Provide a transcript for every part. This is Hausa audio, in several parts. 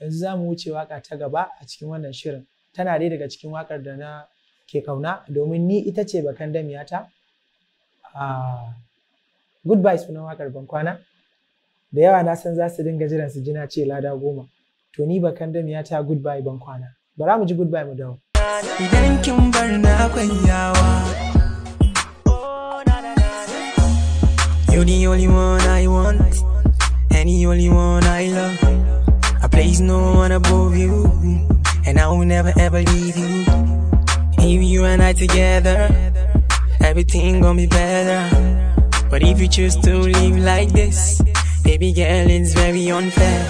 yanzu za mu wuce waka ta gaba a cikin wannan shirin tana dai daga cikin wakar da na ke kauna domin ni ita ce bakan damiyata a goodbye sunan wakar bankwana da yawa na san za su dinga jiran su jina ce lada goma to ni bakan miyata goodbye bankwana za mu ji goodbye mu dawo idan kin bar na kwanyawa You're the only one I want, and the only one I love. place no one above you And I will never ever leave you If you and I together Everything gonna be better But if you choose to live like this Baby girl, it's very unfair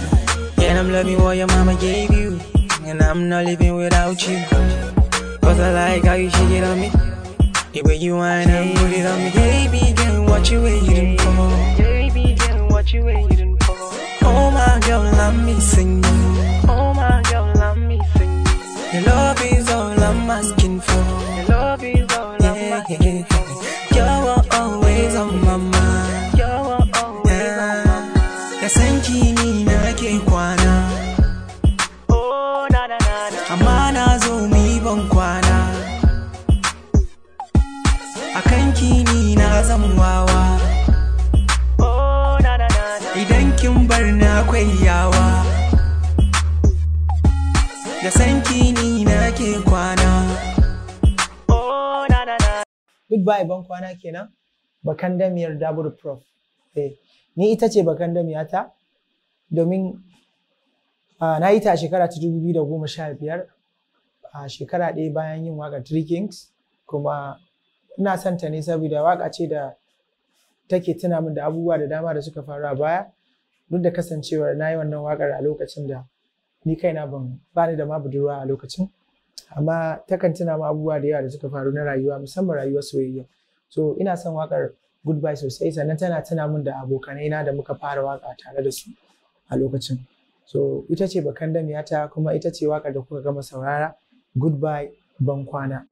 Yeah, I'm loving what your mama gave you And I'm not living without you Cause I like how you shake it on me The way you wind up. put it on me Baby girl, what you waiting for? Baby girl, what you waiting for? girl, I'm missing you. Oh my girl, I'm missing you. Your love is all I'm asking for. Your love is all yeah. I'm asking You're always on my mind. You're always yeah. on my mind. Ya san kini nake kwana. Oh na na na na. Amma na zo mi ban kwana. Akan na zan idan kin bar na kwayawa da sanki ni na ke kwana goodbye ban kwana kenan bakan damiyar dabur prof eh, ni ita ce bakan damiyata domin na yi ta shekara ta 2015 a shekara ɗaya bayan yin waka Three Kings kuma ina son ta ne saboda waka ce da take tuna min da abubuwa da dama da suka faru a baya duk da kasancewar na yi wannan wakar a lokacin da ni kaina ban bani da ma budurwa a lokacin amma takan tuna ma abubuwa da yawa da suka faru na rayuwa musamman rayuwa soyayya so ina son wakar goodbye sosai sannan tana tuna min da abokanai na da muka fara waka tare da su a lokacin so ita ce bakan miyata kuma ita ce wakar da kuka gama saurara goodbye ban kwana.